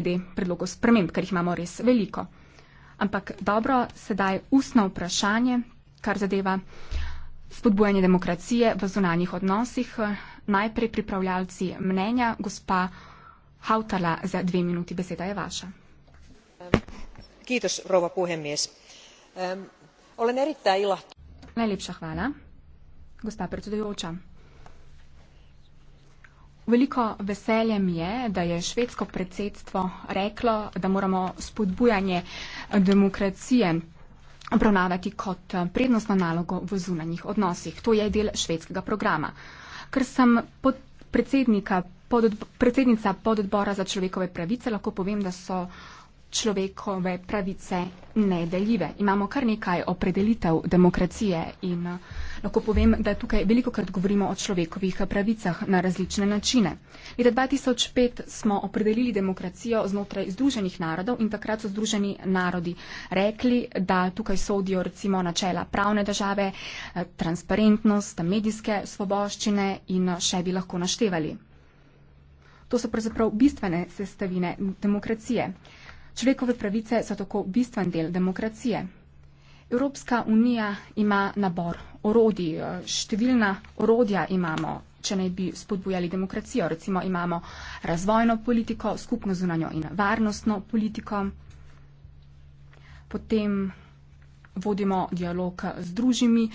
glede predlogov sprememb, ker jih imamo res veliko. Ampak dobro, sedaj ustno vprašanje, kar zadeva spodbujanje demokracije v zunanjih odnosih. Najprej pripravljalci mnenja, gospa Hautala, za dve minuti beseda je vaša. Kitos, rova puhemies. Um, olen erittäin ilahtunut. Najlepša hvala, gospa predsedujoča. Veliko veselje mi je, da je švedsko predsedstvo reklo, da moramo spodbujanje eh, demokracije obravnavati kot eh, prednostno nalogo v zunanjih odnosih. To je del švedskega programa. Ker sem pod predsednika, pod, predsednica pododbora za človekove pravice, lahko povem, da so človekove pravice nedeljive. Imamo kar nekaj opredelitev demokracije in uh, Lahko povem, da tukaj veliko krat govorimo o človekovih pravicah na različne načine. Leta 2005 smo opredelili demokracijo znotraj Združenih narodov in takrat so Združeni narodi rekli, da tukaj sodijo recimo načela pravne države, eh, transparentnost, medijske svoboščine in še bi lahko naštevali. To so pravzaprav bistvene sestavine demokracije. Človekove pravice so tako bistven del demokracije. Evropska unija ima nabor orodji, eh, številna orodja imamo, če naj bi spodbujali demokracijo. Recimo imamo razvojno politiko, skupno zunanjo in varnostno politiko. Potem vodimo dialog z družimi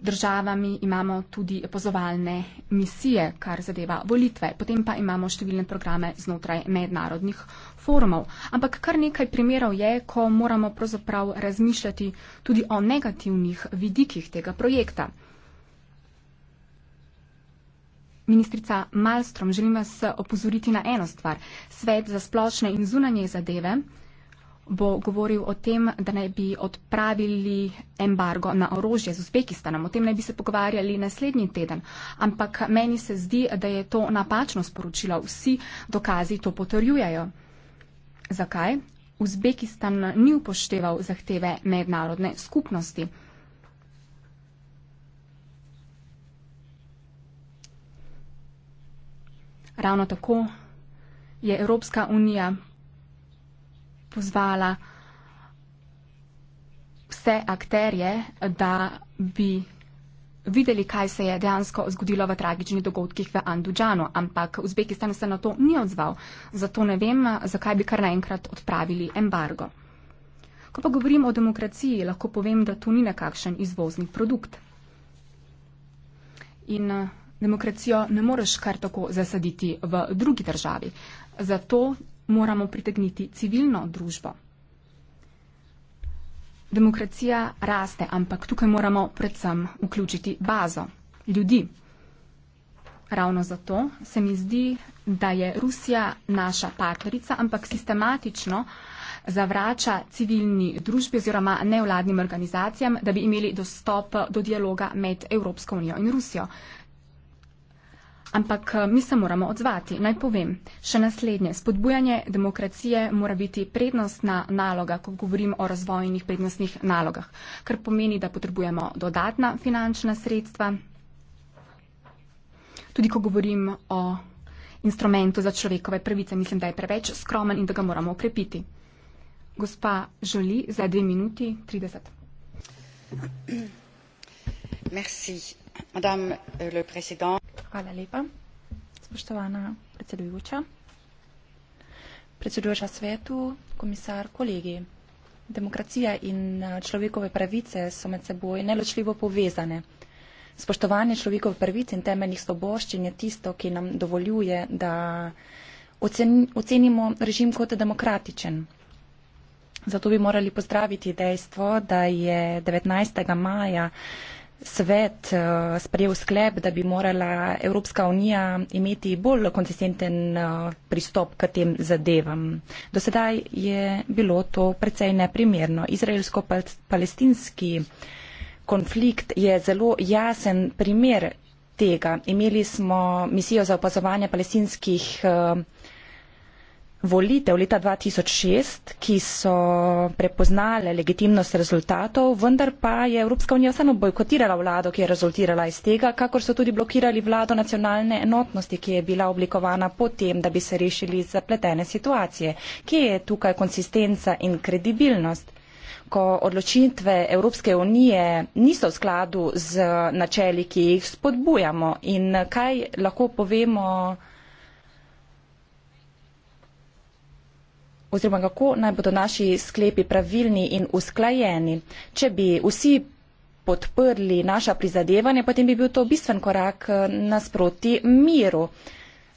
državami imamo tudi opozovalne misije, kar zadeva volitve. Potem pa imamo številne programe znotraj mednarodnih forumov. Ampak kar nekaj primerov je, ko moramo pravzaprav razmišljati tudi o negativnih vidikih tega projekta. Ministrica Malstrom, želim vas opozoriti na eno stvar. Svet za splošne in zunanje zadeve bo govoril o tem, da naj bi odpravili embargo na orožje z Uzbekistanom. O tem naj bi se pogovarjali naslednji teden. Ampak meni se zdi, da je to napačno sporočilo. Vsi dokazi to potrjujejo. Zakaj? Uzbekistan ni upošteval zahteve mednarodne skupnosti. Ravno tako je Evropska unija pozvala vse akterje, da bi videli, kaj se je dejansko zgodilo v tragičnih dogodkih v Andužanu, ampak Uzbekistan se na to ni odzval. Zato ne vem, zakaj bi kar naenkrat odpravili embargo. Ko pa govorim o demokraciji, lahko povem, da to ni nekakšen izvozni produkt. In eh, demokracijo ne moreš kar tako zasaditi v drugi državi. Zato moramo pritegniti civilno družbo. Demokracija raste, ampak tukaj moramo predvsem vključiti bazo ljudi. Ravno zato se mi zdi, da je Rusija naša partnerica, ampak sistematično zavrača civilni družbi oziroma nevladnim organizacijam, da bi imeli dostop do dialoga med Evropsko unijo in Rusijo. Ampak eh, mi se moramo odzvati. Naj povem še naslednje. Spodbujanje demokracije mora biti prednostna naloga, ko govorim o razvojnih prednostnih nalogah, kar pomeni, da potrebujemo dodatna finančna sredstva. Tudi ko govorim o instrumentu za človekove pravice, mislim, da je preveč skromen in da ga moramo okrepiti. Gospa želi za dve minuti 30. Merci, madame le président. Hvala lepa. Spoštovana predsedujoča, predsedujoča svetu, komisar, kolegi. Demokracija in eh, človekove pravice so med seboj neločljivo povezane. Spoštovanje človekovih pravic in temeljnih sloboščin je tisto, ki nam dovoljuje, da ocen, ocenimo režim kot demokratičen. Zato bi morali pozdraviti dejstvo, da je 19. maja svet eh, sprejel sklep, da bi morala Evropska unija imeti bolj konsistenten eh, pristop k tem zadevam. Do sedaj je bilo to precej neprimerno. Izraelsko-palestinski konflikt je zelo jasen primer tega. Imeli smo misijo za opazovanje palestinskih uh, volitev leta 2006, ki so prepoznale legitimnost rezultatov, vendar pa je Evropska unija samo bojkotirala vlado, ki je rezultirala iz tega, kakor so tudi blokirali vlado nacionalne enotnosti, ki je bila oblikovana potem, da bi se rešili zapletene situacije. Kje je tukaj konsistenca in kredibilnost? Ko odločitve Evropske unije niso v skladu z načeli, ki jih spodbujamo in kaj lahko povemo oziroma kako naj bodo naši sklepi pravilni in usklajeni. Če bi vsi podprli naša prizadevanja, potem bi bil to bistven korak eh, nasproti miru.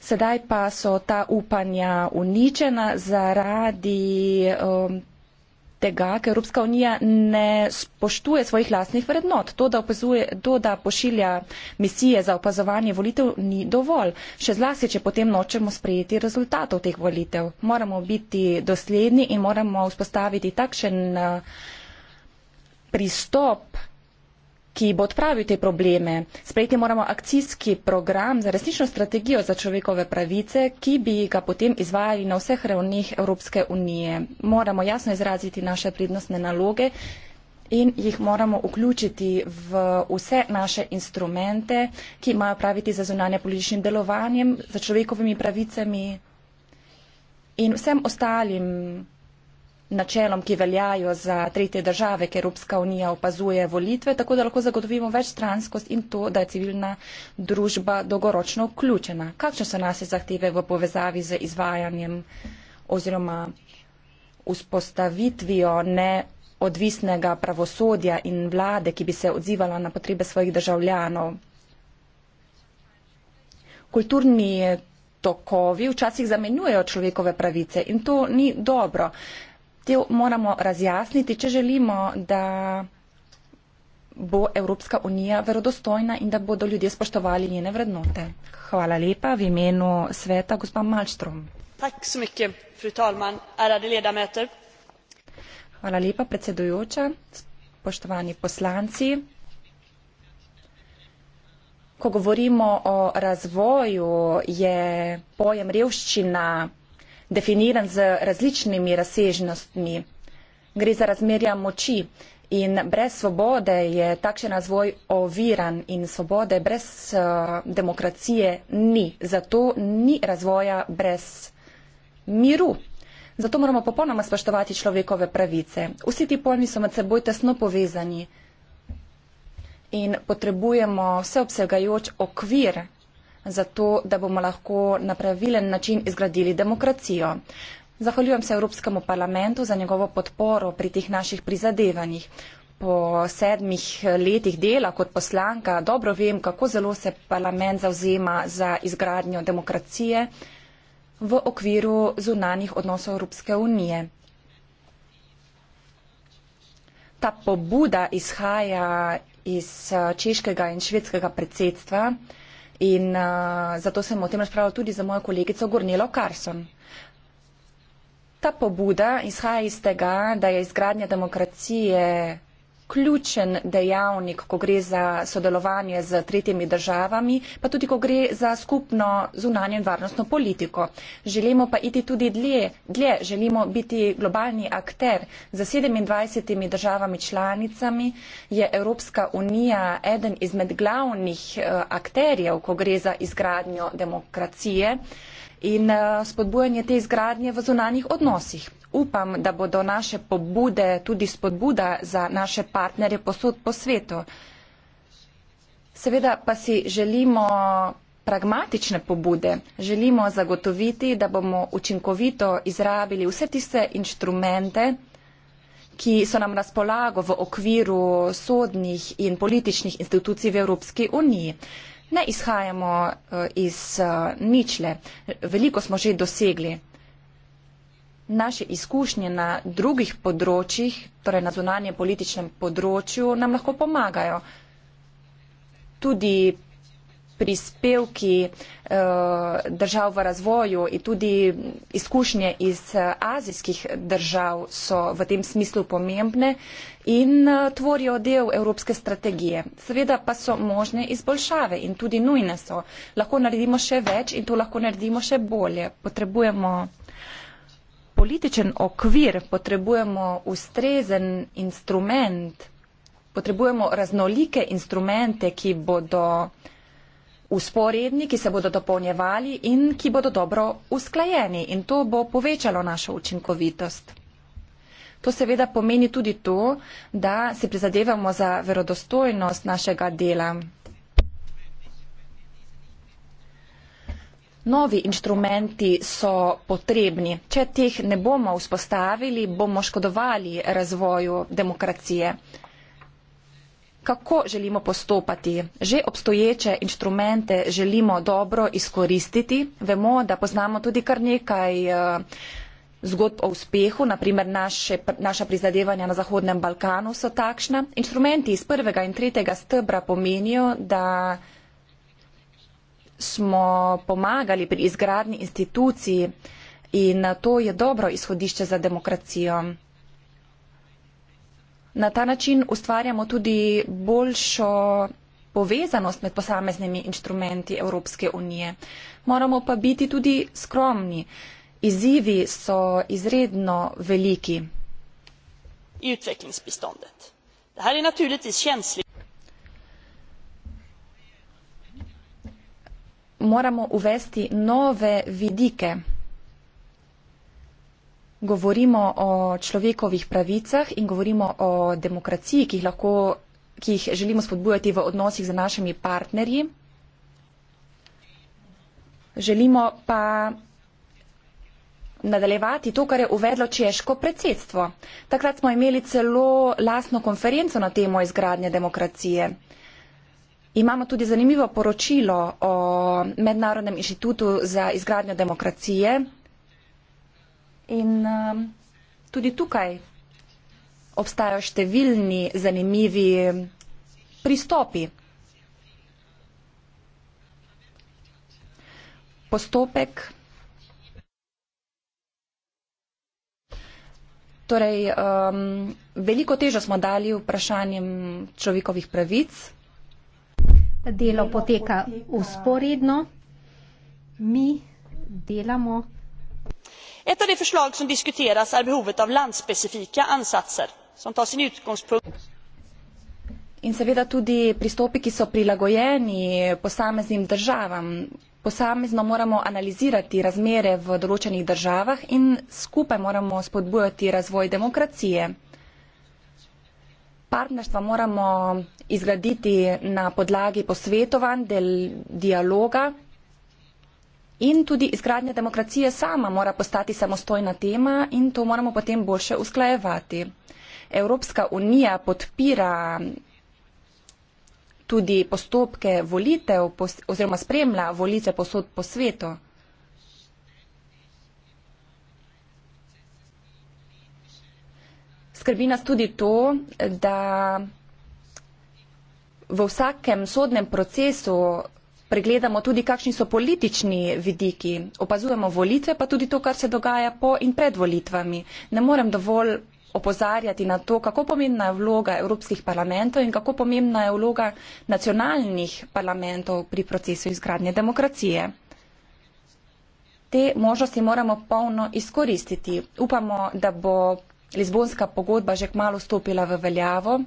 Sedaj pa so ta upanja uničena zaradi um, tega, ker Evropska unija ne spoštuje svojih lastnih vrednot. To, da, opazuje, to, da pošilja misije za opazovanje volitev, ni dovolj. Še zlasti, če potem nočemo sprejeti rezultatov teh volitev. Moramo biti dosledni in moramo vzpostaviti takšen eh, pristop ki bo odpravil te probleme. Sprejeti moramo akcijski program za resnično strategijo za človekove pravice, ki bi ga potem izvajali na vseh ravnih Evropske unije. Moramo jasno izraziti naše prednostne naloge in jih moramo vključiti v vse naše instrumente, ki imajo praviti za zunanje političnim delovanjem, za človekovimi pravicami in vsem ostalim načelom, ki veljajo za tretje države, ker Evropska unija opazuje volitve, tako da lahko zagotovimo več stranskost in to, da je civilna družba dolgoročno vključena. Kakšne so naše zahteve v povezavi z izvajanjem oziroma vzpostavitvijo neodvisnega pravosodja in vlade, ki bi se odzivala na potrebe svojih državljanov? Kulturni tokovi včasih zamenjujejo človekove pravice in to ni dobro te moramo razjasniti, če želimo, da bo Evropska unija verodostojna in da bodo ljudje spoštovali njene vrednote. Hvala lepa v imenu sveta, gospa Malstrom. Hvala lepa, predsedujoča, spoštovani poslanci. Ko govorimo o razvoju, je pojem revščina definiran z različnimi razsežnostmi. Gre za razmerja moči in brez svobode je takšen razvoj oviran in svobode brez uh, demokracije ni. Zato ni razvoja brez miru. Zato moramo popolnoma spoštovati človekove pravice. Vsi ti pojmi so med seboj tesno povezani in potrebujemo vseobsegajoč okvir zato, da bomo lahko na pravilen način izgradili demokracijo. Zahvaljujem se Evropskemu parlamentu za njegovo podporo pri teh naših prizadevanjih. Po sedmih letih dela kot poslanka dobro vem, kako zelo se parlament zauzema za izgradnjo demokracije v okviru zunanih odnosov Evropske unije. Ta pobuda izhaja iz eh, češkega in švedskega predsedstva. In uh, zato sem o tem razpravljal tudi za mojo kolegico Gornelo Carson. Ta pobuda izhaja iz tega, da je izgradnja demokracije ključen dejavnik, ko gre za sodelovanje z tretjimi državami, pa tudi, ko gre za skupno zunanje in varnostno politiko. Želimo pa iti tudi dlje, dlje. želimo biti globalni akter. Za 27 državami članicami je Evropska unija eden izmed glavnih eh, akterjev, ko gre za izgradnjo demokracije in eh, spodbujanje te izgradnje v zonanih odnosih. Upam, da bodo naše pobude tudi spodbuda za naše partnerje posod po svetu. Seveda pa si želimo pragmatične pobude. Želimo zagotoviti, da bomo učinkovito izrabili vse tiste inštrumente, ki so nam razpolago v okviru sodnih in političnih institucij v Evropski uniji ne izhajamo eh, iz eh, ničle, veliko smo že dosegli. Naše izkušnje na drugih področjih, torej na zunanje političnem področju, nam lahko pomagajo. Tudi prispevki eh, držav v razvoju in tudi izkušnje iz eh, azijskih držav so v tem smislu pomembne in eh, tvorijo del evropske strategije. Seveda pa so možne izboljšave in tudi nujne so. Lahko naredimo še več in to lahko naredimo še bolje. Potrebujemo političen okvir, potrebujemo ustrezen instrument, potrebujemo raznolike instrumente, ki bodo usporedni, ki se bodo dopolnjevali in ki bodo dobro usklajeni in to bo povečalo našo učinkovitost. To seveda pomeni tudi to, da se prizadevamo za verodostojnost našega dela. Novi inštrumenti so potrebni. Če teh ne bomo vzpostavili, bomo škodovali razvoju demokracije kako želimo postopati. Že obstoječe inštrumente želimo dobro izkoristiti. Vemo, da poznamo tudi kar nekaj eh, zgodb o uspehu, naprimer naše, naša prizadevanja na Zahodnem Balkanu so takšna. Inštrumenti iz prvega in tretjega stebra pomenijo, da smo pomagali pri izgradnji institucij in to je dobro izhodišče za demokracijo. Na ta način ustvarjamo tudi boljšo povezanost med posameznimi inštrumenti Evropske unije. Moramo pa biti tudi skromni. Izzivi so izredno veliki. Moramo uvesti nove vidike govorimo o človekovih pravicah in govorimo o demokraciji, ki jih, lahko, ki jih želimo spodbujati v odnosih z našimi partnerji. Želimo pa nadaljevati to, kar je uvedlo češko predsedstvo. Takrat smo imeli celo lastno konferenco na temo izgradnje demokracije. Imamo tudi zanimivo poročilo o Mednarodnem inštitutu za izgradnjo demokracije, In um, tudi tukaj obstajajo številni zanimivi pristopi. Postopek. Torej, um, veliko težo smo dali vprašanjem človekovih pravic. Delo poteka usporedno. Mi delamo. Ett av de förslag som diskuteras är behovet av landspecifika ansatser som tar sin utgångspunkt in seveda tudi pristopi, ki so prilagojeni posameznim državam. Posamezno moramo analizirati razmere v določenih državah in skupaj moramo spodbujati razvoj demokracije. Partnerstva moramo izgraditi na podlagi posvetovanj, del dialoga, In tudi izgradnja demokracije sama mora postati samostojna tema in to moramo potem boljše usklajevati. Evropska unija podpira tudi postopke volitev oziroma spremlja volitve posod po svetu. Skrbi nas tudi to, da v vsakem sodnem procesu pregledamo tudi, kakšni so politični vidiki, opazujemo volitve, pa tudi to, kar se dogaja po in pred volitvami. Ne morem dovolj opozarjati na to, kako pomembna je vloga evropskih parlamentov in kako pomembna je vloga nacionalnih parlamentov pri procesu izgradnje demokracije. Te možnosti moramo polno izkoristiti. Upamo, da bo Lizbonska pogodba že kmalo stopila v veljavo,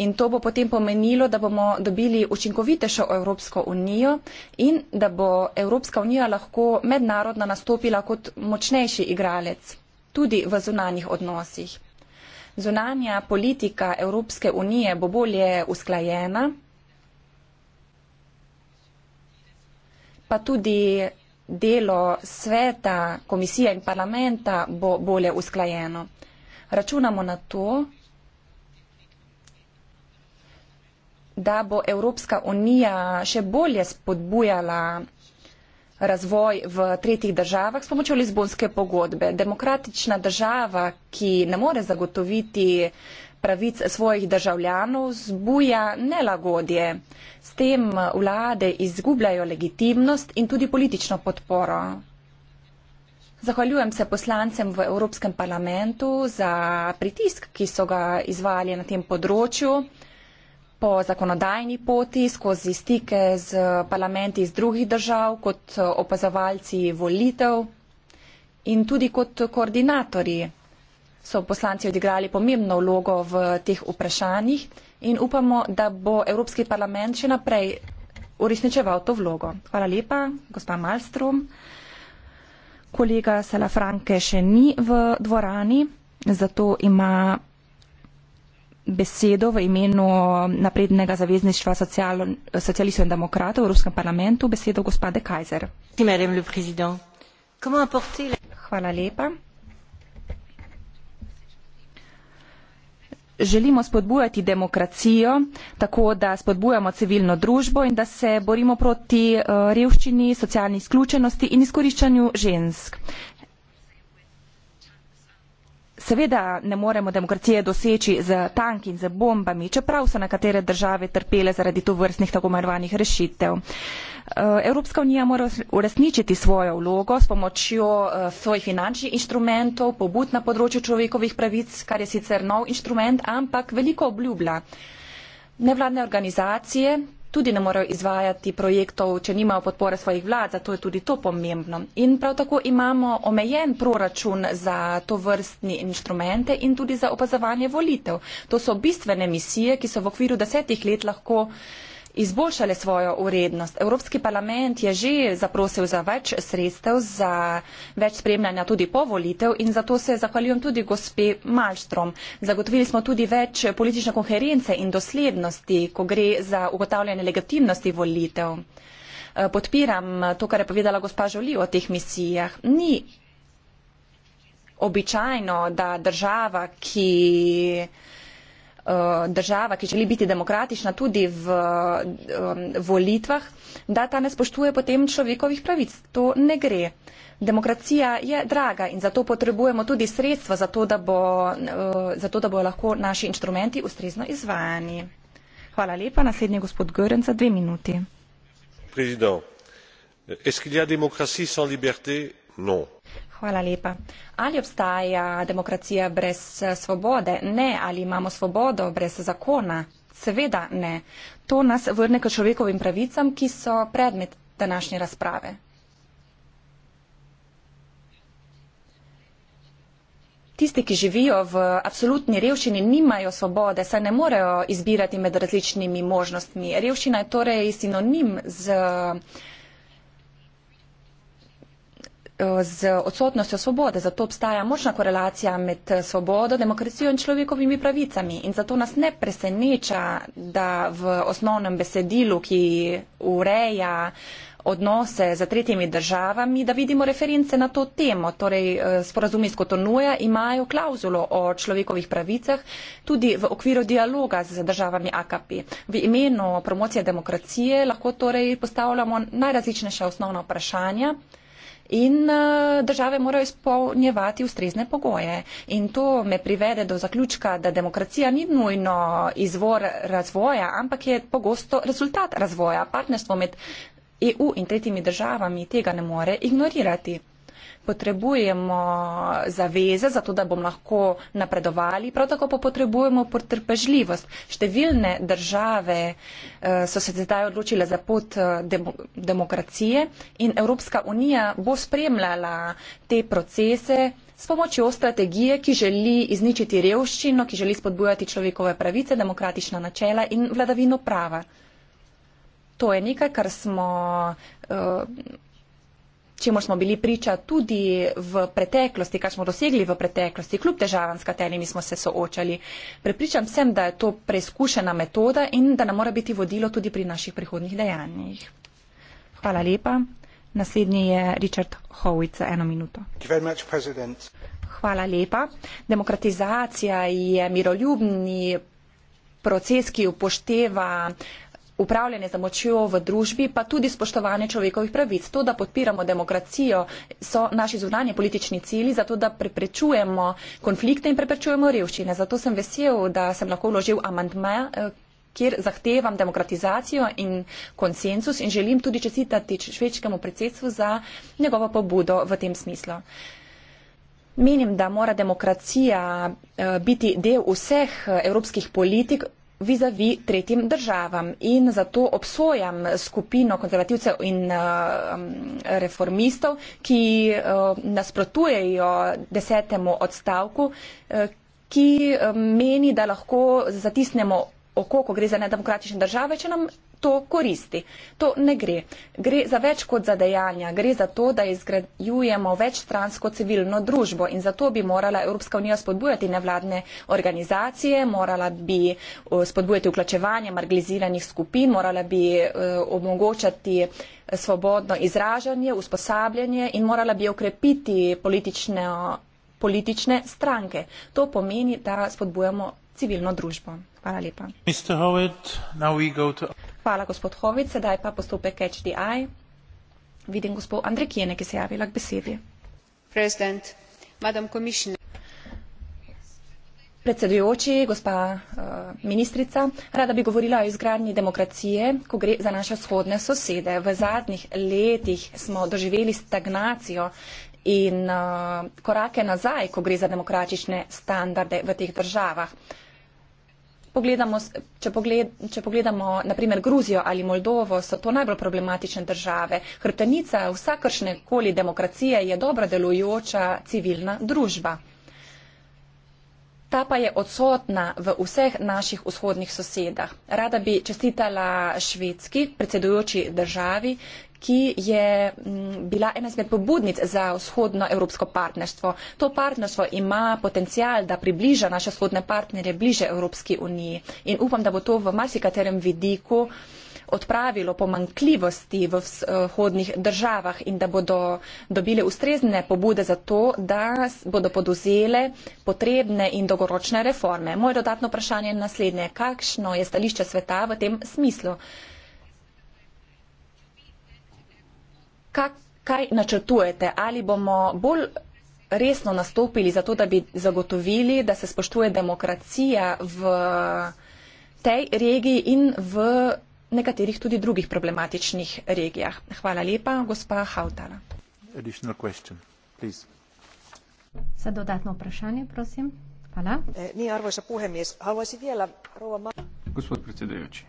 In to bo potem pomenilo, da bomo dobili učinkovitejšo Evropsko unijo in da bo Evropska unija lahko mednarodno nastopila kot močnejši igralec, tudi v zunanjih odnosih. Zunanja politika Evropske unije bo bolje usklajena, pa tudi delo sveta, komisije in parlamenta bo bolje usklajeno. Računamo na to, da bo Evropska unija še bolje spodbujala razvoj v tretjih državah s pomočjo Lizbonske pogodbe. Demokratična država, ki ne more zagotoviti pravic svojih državljanov, zbuja nelagodje. S tem vlade izgubljajo legitimnost in tudi politično podporo. Zahvaljujem se poslancem v Evropskem parlamentu za pritisk, ki so ga izvali na tem področju po zakonodajni poti, skozi stike z parlamenti iz drugih držav, kot eh, opazovalci volitev in tudi kot koordinatorji so poslanci odigrali pomembno vlogo v teh vprašanjih in upamo, da bo Evropski parlament še naprej uresničeval to vlogo. Hvala lepa, gospa Malstrom. Kolega Salafranke še ni v dvorani, zato ima besedo v imenu naprednega zavezništva social, socialistov in demokratov v Evropskem parlamentu, besedo gospode Kajzer. Hvala lepa. Želimo spodbujati demokracijo, tako da spodbujamo civilno družbo in da se borimo proti eh, revščini, socialni izključenosti in izkoriščanju žensk seveda ne moremo demokracije doseči z tanki in z bombami, čeprav so nekatere države trpele zaradi to vrstnih tako imenovanih rešitev. Eh, Evropska unija mora uresničiti svojo vlogo s pomočjo eh, svojih finančnih inštrumentov, pobud na področju človekovih pravic, kar je sicer nov inštrument, ampak veliko obljublja. Nevladne organizacije tudi ne morejo izvajati projektov, če nimajo podpore svojih vlad, zato je tudi to pomembno. In prav tako imamo omejen proračun za to vrstni inštrumente in tudi za opazovanje volitev. To so bistvene misije, ki so v okviru desetih let lahko izboljšale svojo urednost. Evropski parlament je že zaprosil za več sredstev, za več spremljanja tudi po volitev in zato se zahvaljujem tudi gospe Malstrom. Zagotovili smo tudi več politične koherence in doslednosti, ko gre za ugotavljanje legitimnosti volitev. Eh, podpiram to, kar je povedala gospa Žoli o teh misijah. Ni običajno, da država, ki Eh, država, ki želi biti demokratična tudi v volitvah, da ta ne spoštuje potem človekovih pravic. To ne gre. Demokracija je draga in zato potrebujemo tudi sredstva, zato da, bo, eh, zato da bo lahko naši inštrumenti ustrezno izvajani. Hvala lepa. Naslednji je gospod Gören za dve minuti. Predsednik, je demokracija brez svobode? Ne. Hvala lepa. Ali obstaja demokracija brez eh, svobode? Ne. Ali imamo svobodo brez zakona? Seveda ne. To nas vrne k človekovim pravicam, ki so predmet današnje razprave. Tisti, ki živijo v absolutni revščini, nimajo svobode, saj ne morejo izbirati med različnimi možnostmi. Revščina je torej sinonim z uh, Eh, z odsotnostjo svobode. Zato obstaja močna korelacija med eh, svobodo, demokracijo in človekovimi pravicami. In zato nas ne preseneča, da v osnovnem besedilu, ki ureja odnose z tretjimi državami, da vidimo reference na to temo. Torej, eh, sporazumi s Kotonuja imajo klauzulo o človekovih pravicah tudi v okviru dialoga z državami AKP. V imenu promocije demokracije lahko torej postavljamo najrazličnejša osnovna vprašanja in eh, države morajo izpolnjevati ustrezne pogoje. In to me privede do zaključka, da demokracija ni nujno izvor razvoja, ampak je pogosto rezultat razvoja. Partnerstvo med EU in tretjimi državami tega ne more ignorirati potrebujemo zaveze, zato da bomo lahko napredovali, prav tako pa potrebujemo potrpežljivost. Številne države eh, so se zdaj odločile za pot eh, demokracije in Evropska unija bo spremljala te procese s pomočjo strategije, ki želi izničiti revščino, ki želi spodbujati človekove pravice, demokratična načela in vladavino prava. To je nekaj, kar smo. Uh, čemu smo bili priča tudi v preteklosti, kar smo dosegli v preteklosti, kljub težavam, s katerimi smo se soočali. Pripričam sem, da je to preizkušena metoda in da nam mora biti vodilo tudi pri naših prihodnih dejanjih. Hvala lepa. Naslednji je Richard Howitz za eno minuto. Hvala lepa. Demokratizacija je miroljubni proces, ki upošteva upravljanje za močjo v družbi, pa tudi spoštovanje človekovih pravic. To, da podpiramo demokracijo, so naši zunanje politični cili, zato da preprečujemo konflikte in preprečujemo revščine. Zato sem vesel, da sem lahko vložil amantma, eh, kjer zahtevam demokratizacijo in konsensus in želim tudi čestitati švedskemu predsedstvu za njegovo pobudo v tem smislu. Menim, da mora demokracija eh, biti del vseh eh, evropskih politik, vizavi tretjim državam. In zato obsojam skupino konzervativcev in eh, um, reformistov, ki eh, nasprotujejo desetemu odstavku, eh, ki meni, da lahko zatisnemo oko, ko gre za nedemokratične države, če nam to koristi. To ne gre. Gre za več kot za dejanja, gre za to, da izgrajujemo večstransko civilno družbo in zato bi morala Evropska unija spodbujati nevladne organizacije, morala bi eh, spodbujati vključevanje marginaliziranih skupin, morala bi eh, omogočati eh, svobodno izražanje, usposabljanje in morala bi okrepiti politične, politične stranke. To pomeni, da spodbujamo civilno družbo. Hvala lepa. Hvala, gospod Hovic. Sedaj pa postopek HDI. Vidim gospod Andrej Kijene, ki se je javila k besedi. Predsedujoči, gospa uh, ministrica, rada bi govorila o izgradnji demokracije, ko gre za naše vzhodne sosede. V zadnjih letih smo doživeli stagnacijo in uh, korake nazaj, ko gre za demokratične standarde v teh državah. Uh, pogledamo, če, pogled, če pogledamo naprimer Gruzijo ali Moldovo, so to najbolj problematične države. Hrtenica vsakršne koli demokracije je dobro delujoča civilna družba. Ta pa je odsotna v vseh naših vzhodnih sosedah. Rada bi čestitala švedski predsedujoči državi, ki je mm, bila ena izmed pobudnic za vzhodno evropsko partnerstvo. To partnerstvo ima potencial, da približa naše vzhodne partnerje bliže Evropski uniji in upam, da bo to v marsikaterem vidiku odpravilo pomankljivosti v vzhodnih državah in da bodo dobile ustrezne pobude za to, da bodo poduzele potrebne in dogoročne reforme. Moje dodatno vprašanje je naslednje. Kakšno je stališče sveta v tem smislu? Uh, kak, kaj načrtujete? Ali bomo bolj resno nastopili za to, da bi zagotovili, da se spoštuje demokracija v tej regiji in v nekaterih tudi drugih problematičnih regijah? Hvala lepa, gospa Hautala. Se dodatno vprašanje, prosim. Hvala. Eh, ni, arvoisa puhemies, haluaisin vielä rouva... Gospod predsedajoči,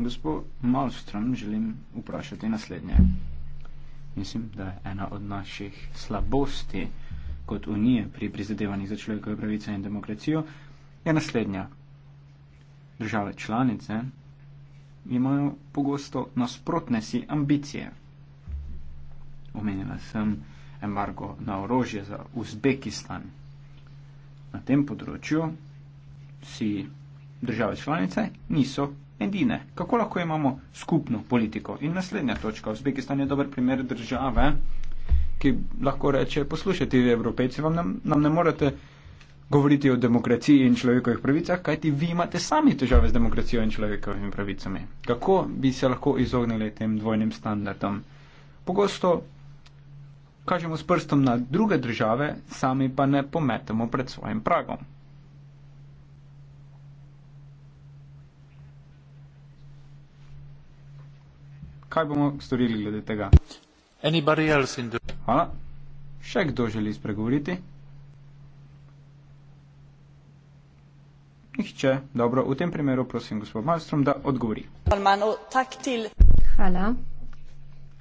Gospod Malmström, želim vprašati naslednje. Mislim, da je ena od naših slabosti kot unije pri prizadevanjih za človekove pravice in demokracijo, je naslednja. Države članice imajo pogosto nasprotne si ambicije. Omenila sem embargo na orožje za Uzbekistan. Na tem področju si države članice niso edine. Kako lahko imamo skupno politiko? In naslednja točka. Uzbekistan je dober primer države, ki lahko reče, poslušajte, vi evropejci, vam ne, nam ne morete govoriti o demokraciji in človekovih pravicah, kajti vi imate sami težave z demokracijo in človekovimi pravicami. Kako bi se lahko izognili tem dvojnim standardom? Pogosto kažemo s prstom na druge države, sami pa ne pometemo pred svojim pragom. kaj bomo storili glede tega? Hvala. Še kdo želi spregovoriti? Nihče. Dobro, v tem primeru prosim gospod Malstrom, da odgovori. Hvala.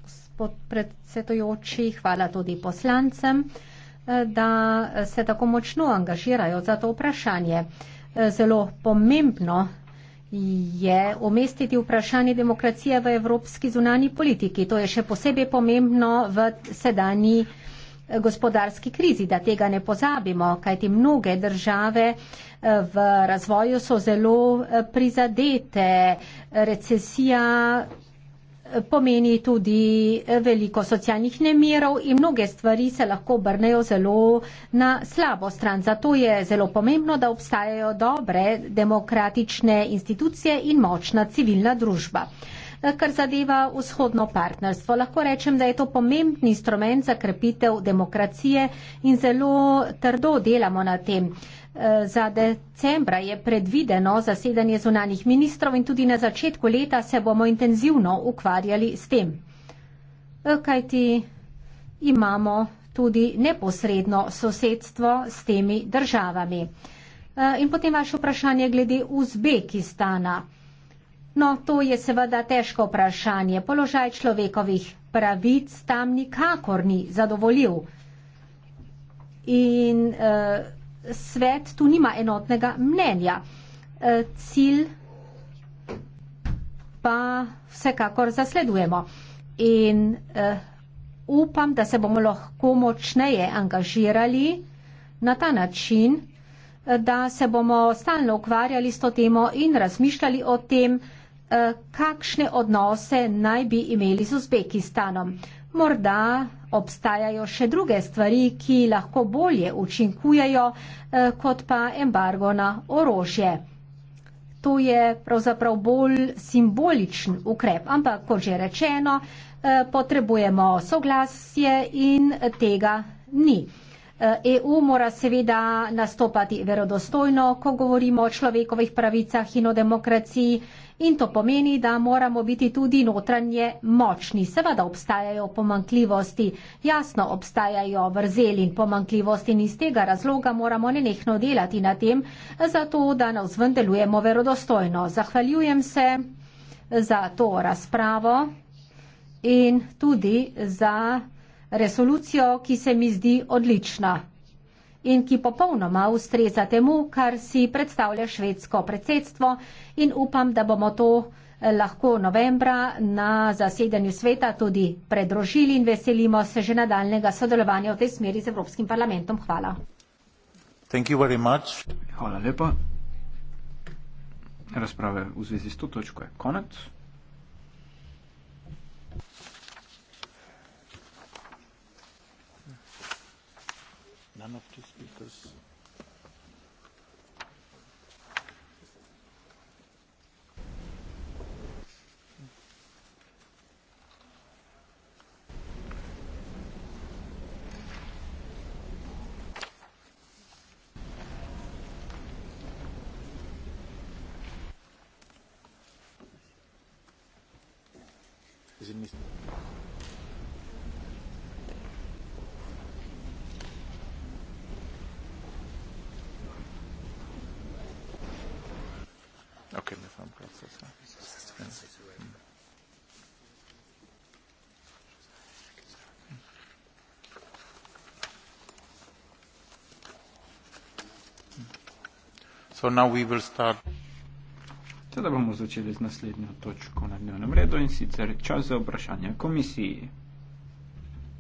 Gospod predsedujoči, hvala tudi poslancem, eh, da eh, se tako močno angažirajo za to vprašanje. Eh, zelo pomembno je omestiti vprašanje demokracije v evropski zunani politiki. To je še posebej pomembno v sedanji eh, gospodarski krizi, da tega ne pozabimo, kajti mnoge države eh, v razvoju so zelo eh, prizadete. Recesija pomeni tudi eh, veliko socialnih nemirov in mnoge stvari se lahko obrnejo zelo na slabo stran. Zato je zelo pomembno, da obstajajo dobre demokratične institucije in močna civilna družba. Eh, kar zadeva vzhodno partnerstvo, lahko rečem, da je to pomemben instrument za krepitev demokracije in zelo trdo delamo na tem. Za decembra je predvideno zasedanje zunanih ministrov in tudi na začetku leta se bomo intenzivno ukvarjali s tem. Eh, kajti imamo tudi neposredno sosedstvo s temi državami. Eh, in potem vaše vprašanje glede Uzbekistana. No, to je seveda težko vprašanje. Položaj človekovih pravic tam nikakor ni zadovoljiv. In eh, svet tu nima enotnega mnenja. E, cilj pa vsekakor zasledujemo. In e, upam, da se bomo lahko močneje angažirali na ta način, e, da se bomo stalno ukvarjali s to temo in razmišljali o tem, kakšne odnose naj bi imeli z Uzbekistanom. Morda obstajajo še druge stvari, ki lahko bolje učinkujejo eh, kot pa embargo na orožje. To je pravzaprav bolj simboličen ukrep, ampak kot že rečeno, eh, potrebujemo soglasje in tega ni. EU eh, e mora seveda nastopati verodostojno, ko govorimo o človekovih pravicah in o demokraciji in to pomeni, da moramo biti tudi notranje močni. Seveda obstajajo pomankljivosti, jasno obstajajo vrzeli in pomankljivosti in iz tega razloga moramo nenehno delati na tem, zato da nas vendelujemo verodostojno. Zahvaljujem se za to razpravo in tudi za resolucijo, ki se mi zdi odlična in ki popolnoma ustreza temu, kar si predstavlja švedsko predsedstvo in upam, da bomo to eh, lahko novembra na zasedanju sveta tudi predrožili in veselimo se že nadaljnega sodelovanja v tej smeri z Evropskim parlamentom. Hvala. Hvala lepa. Razprave v zvezi s to točko je konec. Nanoptis. Okay, wir fahren kurz das. So now we will start. Sedaj bomo začeli z naslednjo točko na dnevnem redu in sicer čas za vprašanje komisiji.